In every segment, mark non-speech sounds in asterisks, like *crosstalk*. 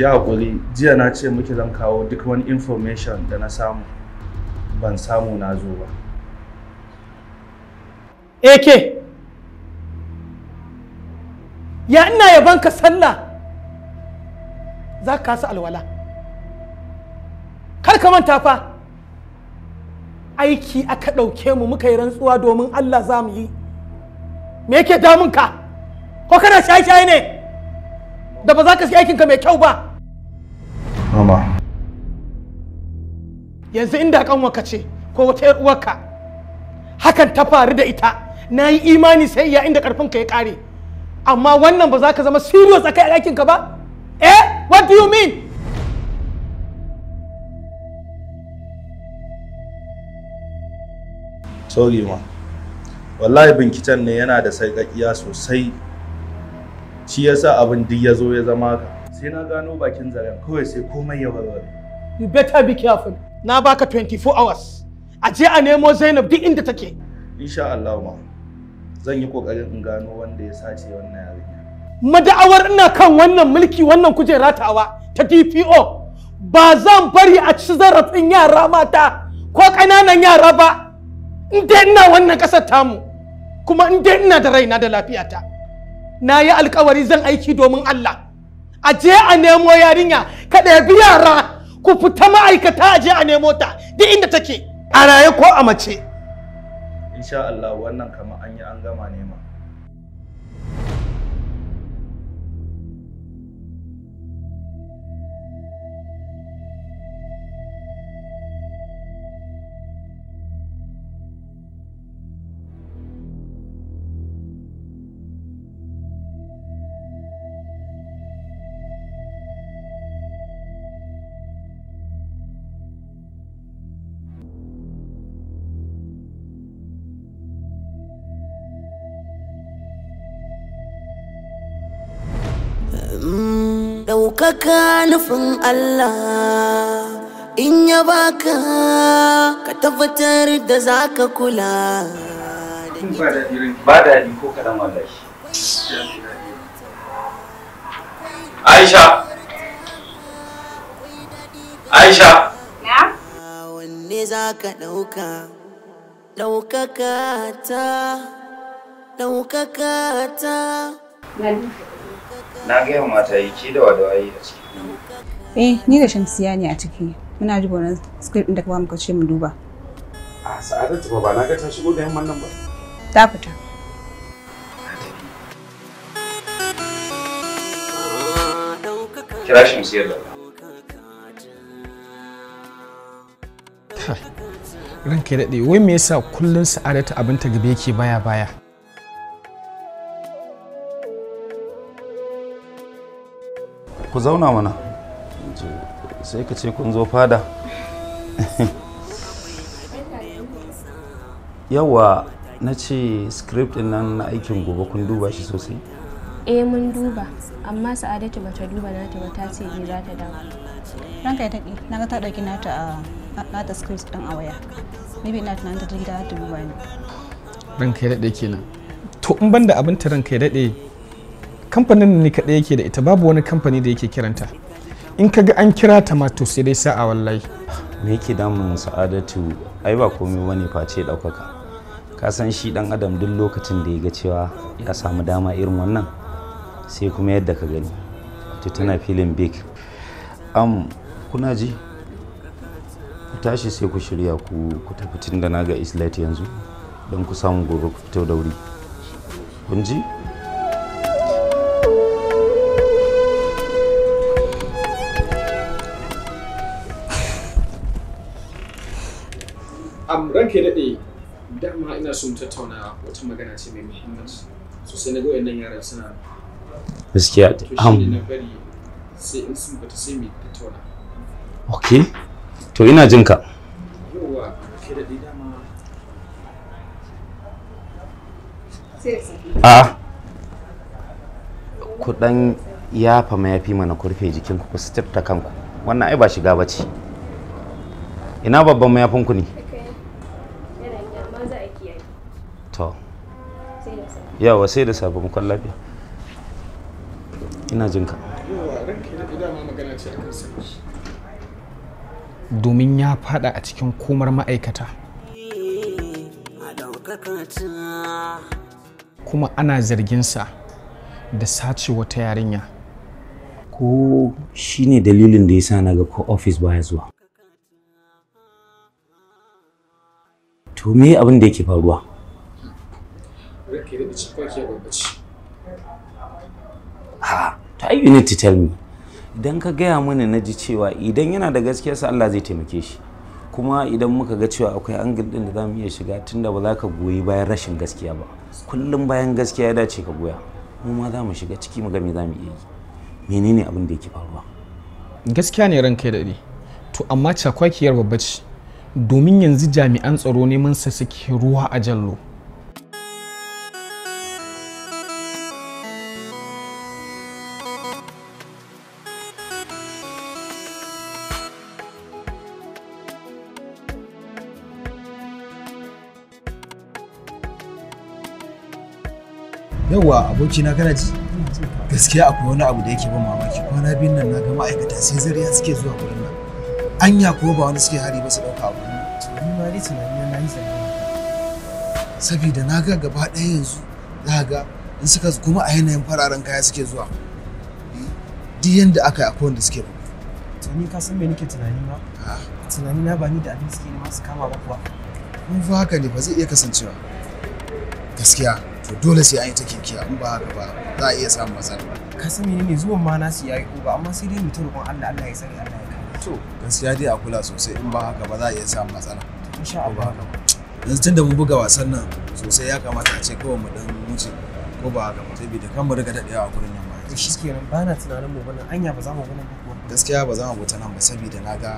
ki hakuri jiya na ce miki zan kawo duk wani information da na samu ban samu na zo ba eke ya ina yaban ka sallah za ka kasa alwala kar ka manta fa aiki aka ɗauke mu muka yi rantsuwa domin Allah za mu yi me yake damun ka ko kana shaye-shaye ne da ba za ka yi aikinka mai kyau ba Mama. Yanzu inda waka ce ko wata ‘yar uwarka hakan ta faru da ita na yi imani sai ya inda ka ya kare amma wannan ba za ka zama serious a kai aikinka ba? Eh, what do you mean? Sorry ma. Wallahi binciken ne yana da sarƙaƙiya sosai. Shi yasa abin duk ya zo ya zama ka. sai na gano bakin zaren kawai sai komai ya warware you better be careful na baka 24 hours a je a nemo Zainab duk inda take insha Allah ma zan yi kokarin in gano wanda ya sace wannan yarinya mada'awar ina kan wannan mulki wannan kujera tawa ta DPO ba zan bari a ci zarafin yara mata ko ƙananan yara ba in dai ina wannan ƙasar tamu kuma in dai ina da raina da lafiyata na yi alkawari zan aiki domin Allah a je a nemo yarinya ka ɗabi yara ku fita ma'aikata a je a nemo ta duk inda take a raye ko a mace insha Allah wannan kamar an yi an gama nema baka nufin Allah in ya baka ka tabbatar da za ka kula ba daɗi ko kaɗan wallashi. Aisha Aisha na wanne zaka ɗauka ɗaukaka ta ɗaukaka ta na gaya mata yi ke da wadawayi a ciki eh ni da shamsiya ne a ciki muna duba wannan script din da kuma muka ce mu duba a sa'adatu ba ba na ga ta shigo da yamman nan ba ta fita kira shamsiyar da Ranke ya daɗe wai me yasa kullum sa'adatu abin ta gabe yake baya baya ku zauna mana sai ka ce kun zo fada yawa na ce script din nan na aikin gobe kun duba shi sosai eh mun duba amma sa'adatu bata duba nata ba ta ce za ta dawo ranka ya take na ga ta dauki nata a nata script din a waya maybe ina tunanin ta gida ta duba ne ranka ya dade kenan to in banda abin ta ranka ya dade kamfanin ne kaɗai yake da ita babu wani kamfani da yake kiranta in ka ga an kira ta ma to sai dai sa'a wallahi me yake damun sa'adatu ai ba komai wani face ɗaukaka ka san shi ɗan adam duk lokacin da ya ga cewa ya samu dama irin wannan sai kuma yadda ka gani to tana filin big am kuna ji ku tashi sai ku shirya ku ku tafi tunda da na ga islet yanzu don ku samu gobe ku fito da wuri kun ji ranke ya daɗe dama ina son tattauna wata magana ce mai muhimmanci sosai na goyon nan yaran suna gaskiya to shi na bari sai in sun bata sai mai tattauna ok to ina jin ka yawa ke daɗe dama a ku ɗan yafa mayafi mana kurfe jikinku ku suturta kanku wannan ai ba shiga ba ce ina babban mayafinku ne amma za a kiyaye to yawa sai da safe mukwan lafiya ina jinka domin ya fada a cikin komar ma'aikata kuma ana zarginsa da sace wata yarinya ko shine dalilin da ya sa na ga ko ofis baya zuwa to me abin da yake faruwa ha to you need to tell me idan ka gaya mana na ji cewa idan yana da gaskiya sa Allah zai taimake shi kuma idan muka ga cewa akwai angle din da zamu iya shiga tunda ba za ka goyi bayan rashin gaskiya ba kullum bayan gaskiya ya dace ka goya mu ma za mu shiga ciki mu ga me za yi menene abin da yake faruwa gaskiya ne ran kai daɗi to amma cakwakiyar babba domin yanzu jami'an tsaro neman sa suke ruwa a jallo yauwa abokina kana ji gaskiya akwai wani abu da yake ban mamaki kwana biyun nan na ga ma'aikata sai zariya suke zuwa gurin anya kuwa ba wani suke hari ba su ɗauka abu ni ma dai tunani na yi zane saboda na ga gaba ɗaya yanzu za ga in suka kuma a yanayin fararen kaya suke zuwa duk yadda aka yi akwai wanda suke ba to ni ka san me nake tunani ma ah. tunani na ba ni da abin suke ne masu kama ba kuwa in fa haka ne ba zai iya kasancewa gaskiya to dole sai an yi ta kinkiya in ba haka ba za a iya samun matsala ka san menene zuwan ma nasu yayi ko ba amma sai dai mutum ta roƙon Allah Allah ya sani Allah to gaskiya dai a kula sosai in ba haka ba za a iya samun matsala insha Allah da tunda mun buga wasan nan sosai ya kamata a ce kawai mu dan wuce ko ba haka ba da kan mu riga dadewa a gurin nan ba to shi kenan ba na tunanin mu wannan anya ba za mu bana ba. gaskiya ba za mu bata nan ba saboda na ga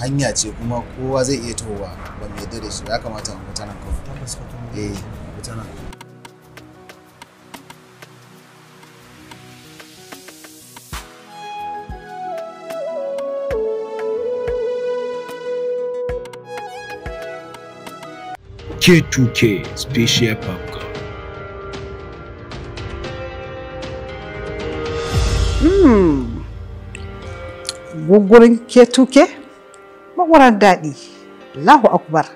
hanya ce kuma kowa zai iya towa ba mai yadda da shi ya kamata mu bata nan kawai tabbas ka tuno eh bata nan K2K Special Popcorn. Hmm. Gugurin K2K? Mawaran daɗi. Allahu Akbar.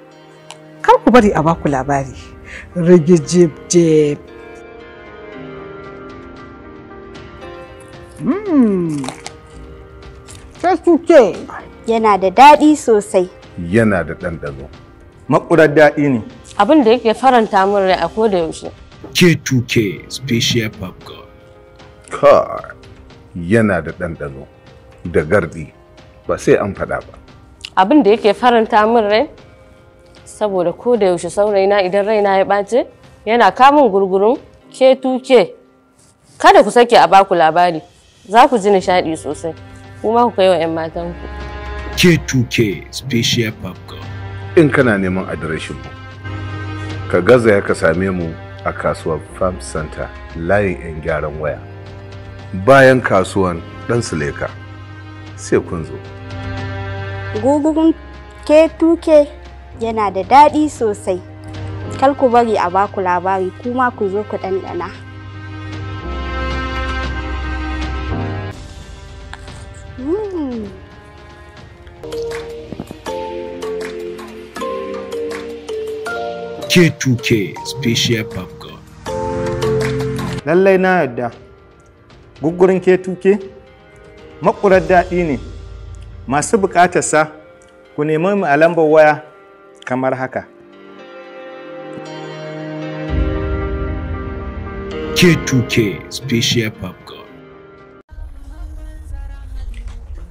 Kar ku bari a baku labari. Rigijibjib. Hmm. K2K. Yana da daɗi sosai. Yana da ɗanɗano. makurar daɗi ne. Abin da yake faranta min rai a koda yaushe. K2K Special Popcorn. Car yana da ɗanɗano da gardi ba sai an faɗa ba. Abin da yake faranta min rai saboda koda yaushe saurayina idan raina ya ɓace yana kamun gurgurun K2K. Kada ku sake a baku labari za ku ji nishaɗi sosai kuma ku kai wa 'yan matanku. K2K Special Popcorn. in kana neman adireshin mu ka gaza ya ka same mu a kasuwar farm center layin 'yan gyaran waya bayan kasuwan dan suleka sai kun zo gugugun k2k yana da daɗi sosai kar ku bari a baku labari kuma ku zo ku ɗanɗana K2K Special Popcorn. Lallai na yadda, guggurin K2K makurar daɗi ne, masu sa ku nemi mu a lambar waya kamar haka. K2K Special Popcorn.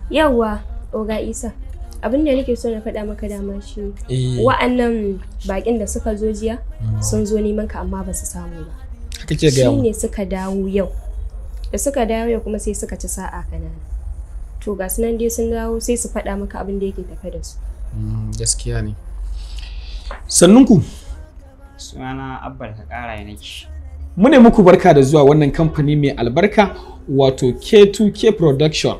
Yawwa, Oga Isa. abin da nake so na faɗa maka dama shi eh. wa'annan bakin da suka zo jiya mm. sun zo neman ka amma ba su samu ba shi ne suka dawo yau da suka dawo yau kuma sai suka ci sa'a kanana to ga nan dai sun dawo sai su faɗa maka abin da yake tafe da su mm, gaskiya ne sannunku sunana abbal ka kara ya nake mu ne muku barka da zuwa wannan kamfani mai albarka wato k2k production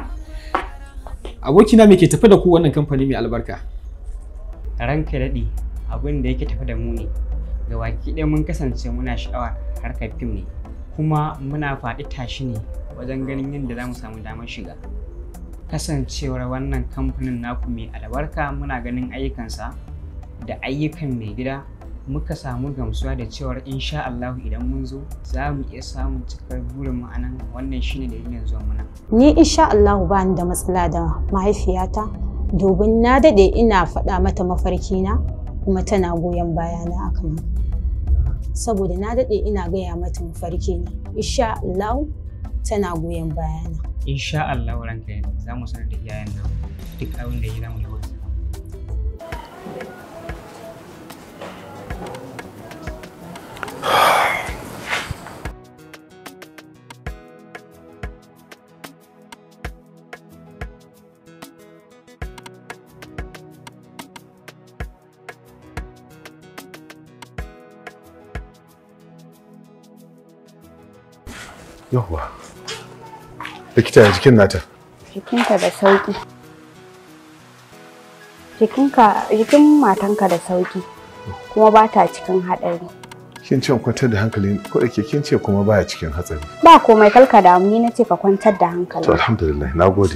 abokina me ke tafi da ku wannan kamfani mai albarka ranka daɗi abin da yake tafi da mu ne ga waki ɗaya mun kasance muna sha'awa harka fim ne kuma muna faɗi tashi ne wajen ganin yadda za mu samu damar shiga kasancewar wannan kamfanin naku mai albarka muna ganin ayyukansa da ayyukan mai gida muka samu gamsuwa da cewar insha Allah idan mun zo za mu iya samun cikar burin mu anan wannan shine dalilin zuwa muna. Ni insha Allah ba ni da matsala da mahaifiyata domin na dade ina faɗa mata mafarkina kuma tana goyon bayana akan saboda na dade ina gaya mata mafarkina insha Allah tana goyon bayana. Insha Allah ranka za mu sanar da iyayen nan duk abin da ya zamu yi Yawwa. Likita ya jikin nata. Jikinka da sauki. Jikinka jikin matanka da sauki. Kuma ba ta cikin haɗari. Kin ce kwantar da hankali ko da ke kin ce kuma ya cikin hatsari. Ba komai kalka damu ni nace ka kwantar da hankali. To alhamdulillah nagode.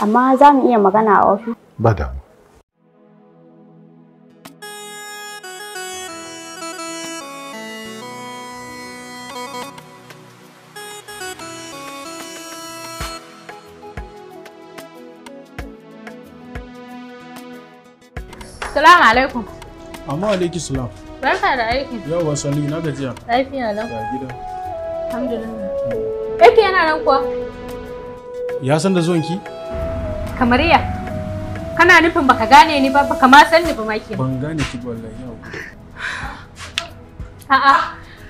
Amma za mu iya magana a ofis? Ba damu. Assalamu alaikum. Amma alaikum salam. Barka da aiki. Yawwa Sali na gajiya. Lafiya lau. Ga gida. Alhamdulillah. Yake yana nan kuwa? Ya san da zuwan ki? Kamariya. Kana nufin baka gane ni ba baka ma san ni ba ma ke. Ban gane ki wallahi yau. A'a.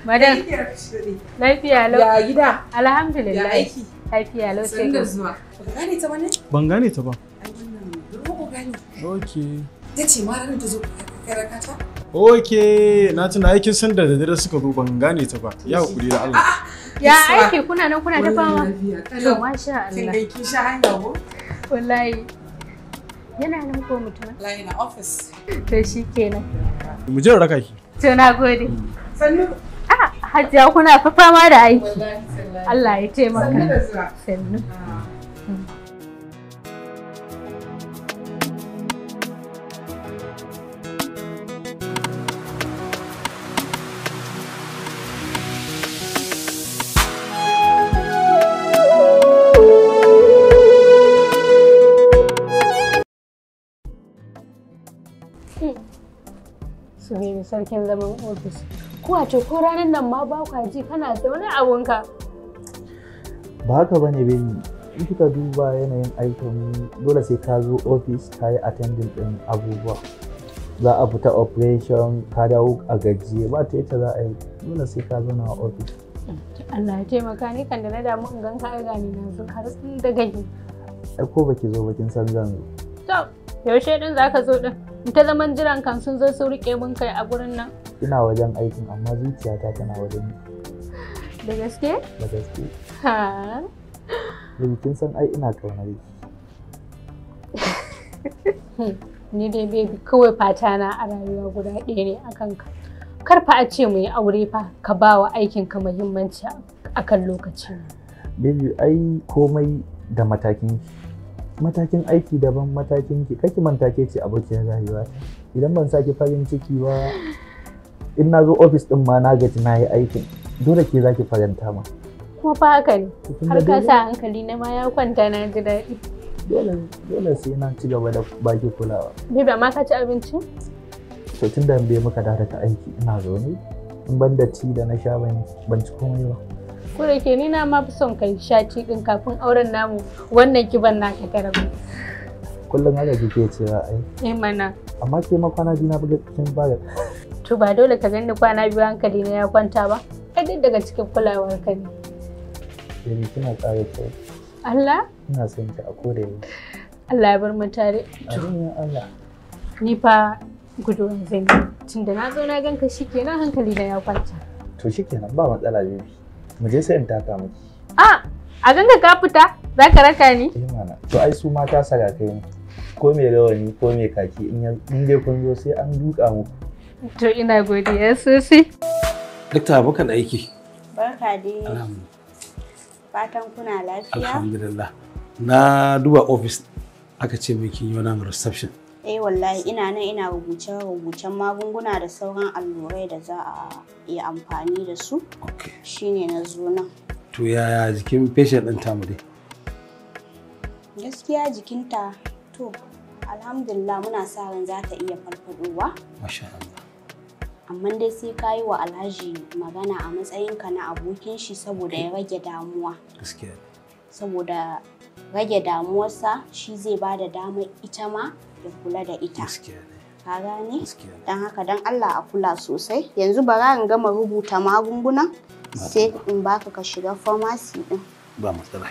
Madam. Lafiya lau. Ya gida. Alhamdulillah. Ya aiki. Lafiya lau sai. da zuwa. Ban gane ta ba ne? Ban gane ta ba. Ai wannan. gane. Okay. ta ce ma ranar ta zo karakata ok na tuna aikin san da daddare suka zo ban gane ta ba ya hakuri da Allah ya aiki kuna nan kuna tafawa to masha Allah kin kin sha hanya ko wallahi yana nan ko mutum wallahi na office to mu je raka ki to na gode mm. sannu ah hajiya kuna fa fama da aiki Allah ya taimaka sannu ah. sarkin zaman ofis ko a ce ko ranar nan ma ba kwa ji kana da wani abunka ba haka bane beni in kika duba yanayin aikin dole sai ka zo ofis ka yi attending ɗin abubuwa za a fita operation ka dawo a gajiye ba ta yadda za a yi dole sai ka zauna a ofis Allah ya taimaka ni kan da na damu in ganka a gani na zo har da gani ai ko baki zo bakin san zan zo to yaushe din zaka zo din ta zaman jiran kan sun zo su rike mun kai a gurin nan ina wajen aikin amma zuciyata tana wajen da gaske da gaske ha kin san ai ina kaunar ki *laughs* ni dai baby kawai fata na a rayuwa guda ɗaya ne akan ka kar fa a ce mu yi aure fa ka ba wa aikin ka muhimmanci akan lokaci baby ai komai da matakin ki matakin aiki daban matakin ki kake manta ke ce abokin rayuwa idan ban saki farin ciki ba in na zo ofis din ma na gaji na yi aikin dole ke zaki faranta ma kuma fa haka ne har ka sa hankali na ma ya kwanta na ji daɗi dole sai na ci gaba da baki kulawa ba ma ka ci abinci to tun da bai muka dada ta aiki ina zaune in ban da ci da na sha ban ci komai ba Kure ke ni na ma fi son kai shati din kafin auren namu wannan kiban na ka karabi. Kullum haka kike cewa ai. Eh mana. Amma ke ma kwana biyu na buga cikin bagar. To ba dole ka gani kwana biyu hankali na ya kwanta ba. Ka duk daga cikin kulawar ka ne. Eh kina tsare ta. Allah? Ina son ki a kore ni. Allah ya bar mu tare. Amin Allah. Ni fa gudu zan yi. Tunda na zo na ganka shikenan hankali na ya kwanta. To shikenan ba matsala ne. mu je sai in taka miki a a ganga ka fita za ka raka ni eh mana to ai su mata sarakai ne ko mai rawani ko mai kaki in dai kun zo sai an duka muku to ina godiya sosai dakta bakan aiki barka dai fatan kuna lafiya alhamdulillah na duba office aka ce mai kin yi wani reception Eh wallahi ina nan ina rubuce-rubucen magunguna da sauran allurai da za a iya amfani da su. Shine na zo nan. To yaya jikin patient ɗin tamu dai? Gaskiya jikinta to alhamdulillah muna sa ran za ta iya farfadowa. Masha Amma dai sai ka yi wa Alhaji magana a matsayinka na abokin shi saboda ya rage damuwa. Gaskiya. Saboda rage damuwarsa shi zai ba da damar ita ma in kula da ita ka gane don haka don Allah a kula sosai yanzu bara in gama rubuta magungunan sai in baka ka shiga pharmacy din ba matsala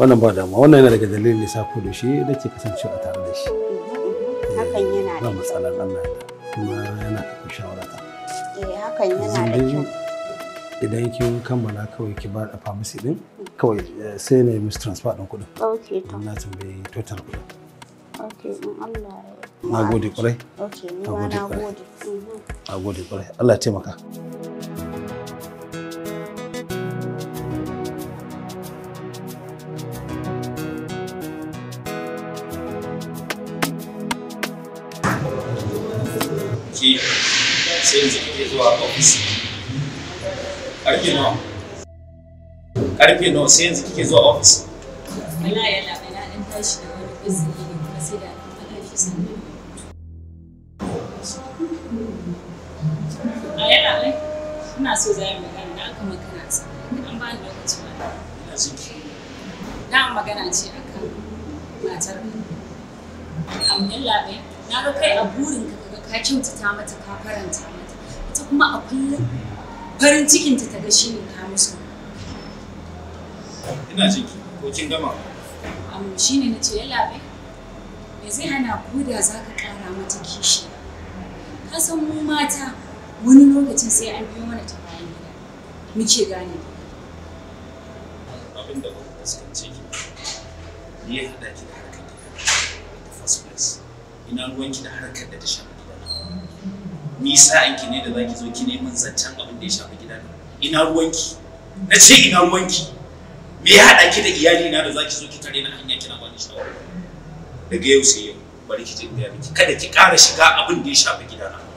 wannan ba damuwa wannan yana daga dalilin sa ko da shi nake a tare da shi mm-hmm. eh, hakan yana da ba matsalar Allah ya kuma yana da shawara ta eh hakan yana da kyau idan kin kammala kawai ki ba da pharmacy din kawai eh, sai na yi musu transfer din kuɗin. Ok, to. Na tambayi total kuɗin. Na gode kwarai. Na gode kwarai. Mhm. Na gode kwarai. Allah ya taimaka. karfe nawa karfe nawa sai yanzu kike zuwa ofis yana tashi da wani izini ina so za yi magana da aka magana sa an ba ni lokaci ba ina jiki na magana ce a kan matar Abdullahi na ga kai a burin ka ka kyautata mata ka faranta mata ita kuma a kullum farin cikinta ta ga ne ka musu ina jiki ko kin gama amma shine na yalla bai me zai hana ku da zaka kara mata kishi ka san mu mata wani lokacin sai an biyo mana ta bayan gida muke gane abin da ba fuskanci ki ya hada ki da harkar gida first place ina ruwan ki da harkar da ta shafi gida ni sa'an ne da zaki zo ki neman zancen abin da ya shafi gida ina ruwan ki na ce ina ruwan ki me ya hada ki da iyali na da zaki zo ki tare na hanya kina ba ni shawara daga yau sai yau bari ki je in kada ki ƙara shiga abin da ya shafi gidana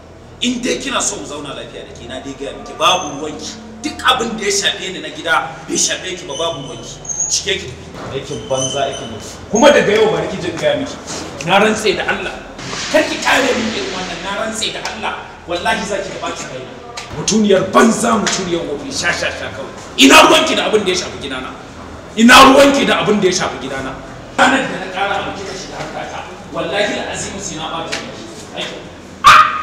in dai kina so mu zauna lafiya da ke na dai gaya miki babu ruwanki duk abin da ya shafe ni na gida bai shafe ki ba babu ruwanki cike ki aikin banza aikin ne. kuma daga yau bari ki jin gaya miki na rantse da Allah kar ki kare min irin wannan na rantse da Allah wallahi zaki da baki kai mutuniyar banza mutuniyar wofi sha sha sha kawai ina ruwanki da abin da ya shafi gidana ina ruwanki da abin da ya shafi gidana ranar da na kara miki da shi da harkata wallahi al'azimu sai na ba miki aikin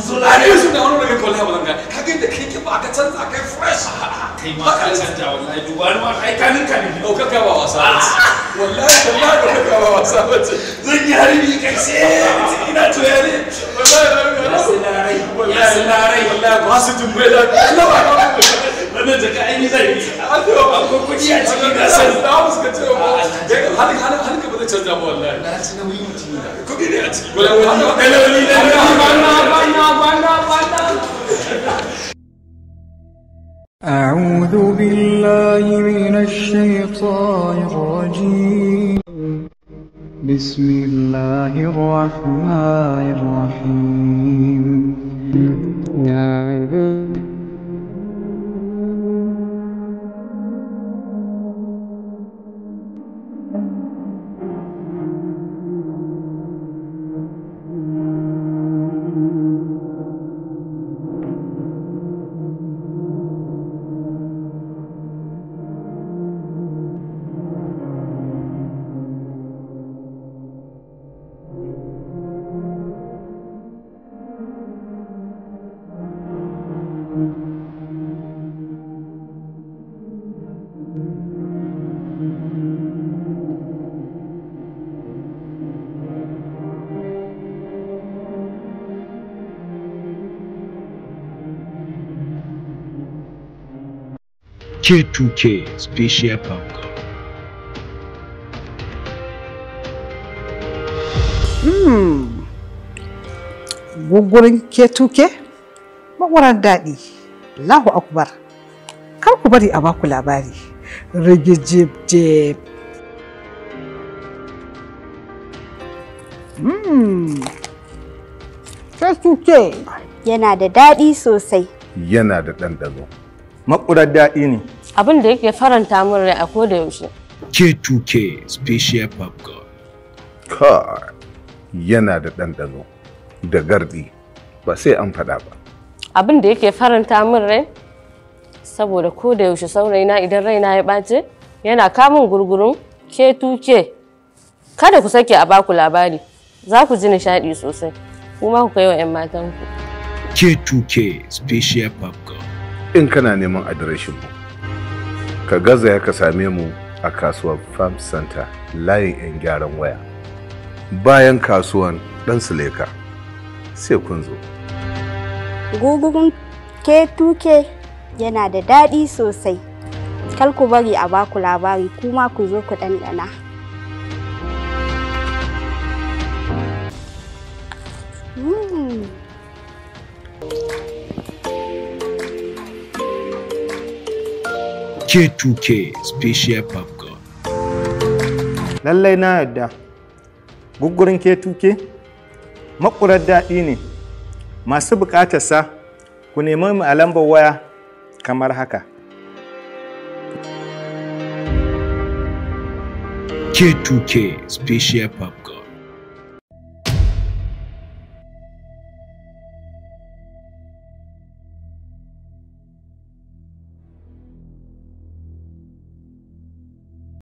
zulare su da wani daga ba ka da canza kai fresh kai ma ka wallahi duba ma ne ka wasa *laughs* wallahi wallahi ka wasa bace zan yi kai sai ina to yare wallahi wallahi ba su tumbe da Allah ba ka wannan ni zai yi a ko kudi a cikin da ce أعوذ بالله من الشيطان الرجيم بسم الله الرحمن الرحيم يا نعم. عبيد K2K Special Popcorn. Hmm. Guggurin K2K? Magwaran daɗi. Allahu Akbar. Kar ku bari a baku labari. Rage jib Hmm. K2K. Yana da daɗi sosai. Yana da ɗanɗano. makurar daɗi ne. Abin da yake faranta min rai a koda yaushe. K2K Special Popcorn. Ka yana da ɗanɗano da gardi ba sai an faɗa ba. Abin da yake faranta min rai saboda koda yaushe saurayina idan raina ya ɓace yana kamun gurgurun K2K. Kada ku sake a baku labari za ku ji nishaɗi sosai kuma ku kai wa 'yan matanku. K2K Special Popcorn. in kana neman adireshin mu ka gaza ya ka same mu a kasuwar farm center layin 'yan gyaran waya bayan kasuwan dan suleka sai kun zo gugugun k2k yana da daɗi sosai kar ku bari a baku labari kuma ku zo ku ɗanɗana hmm. K2K Special Popcorn. Lallai na yadda, guggurin K2K makurar daɗi ne, masu buƙatarsa ku nemi mu a lambar waya kamar haka. K2K Special Popcorn.